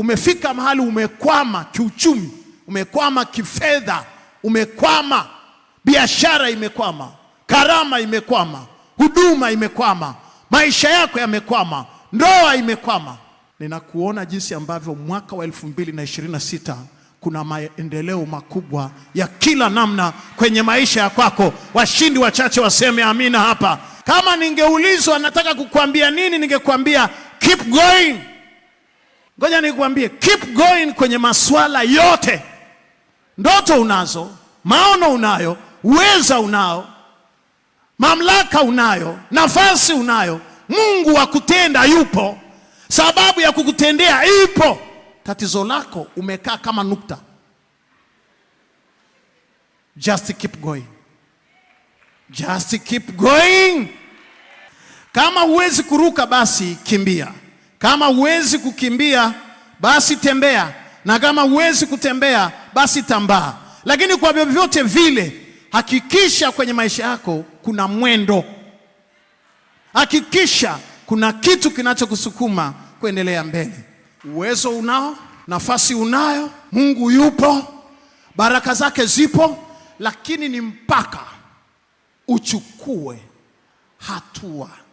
umefika mahali umekwama kiuchumi, umekwama kifedha, umekwama biashara, imekwama karama, imekwama huduma, imekwama maisha yako yamekwama, ndoa imekwama. Ninakuona jinsi ambavyo mwaka wa na sita kuna maendeleo makubwa ya kila namna kwenye maisha ya kwako. Washindi wachache waseme amina hapa. Kama ningeulizwa nataka kukuambia nini, ningekuambia keep going. Ngoja nikuambie, keep going kwenye masuala yote. Ndoto unazo, maono unayo, uweza unao, mamlaka unayo, nafasi unayo, Mungu wa kutenda yupo, sababu ya kukutendea ipo. Tatizo lako umekaa kama nukta. Just keep going. Just keep going. Kama huwezi kuruka basi kimbia. Kama huwezi kukimbia basi tembea, na kama huwezi kutembea basi tambaa. Lakini kwa vyovyote vile, hakikisha kwenye maisha yako kuna mwendo, hakikisha kuna kitu kinachokusukuma kuendelea mbele. Uwezo unao, nafasi unayo, Mungu yupo, baraka zake zipo, lakini ni mpaka uchukue hatua.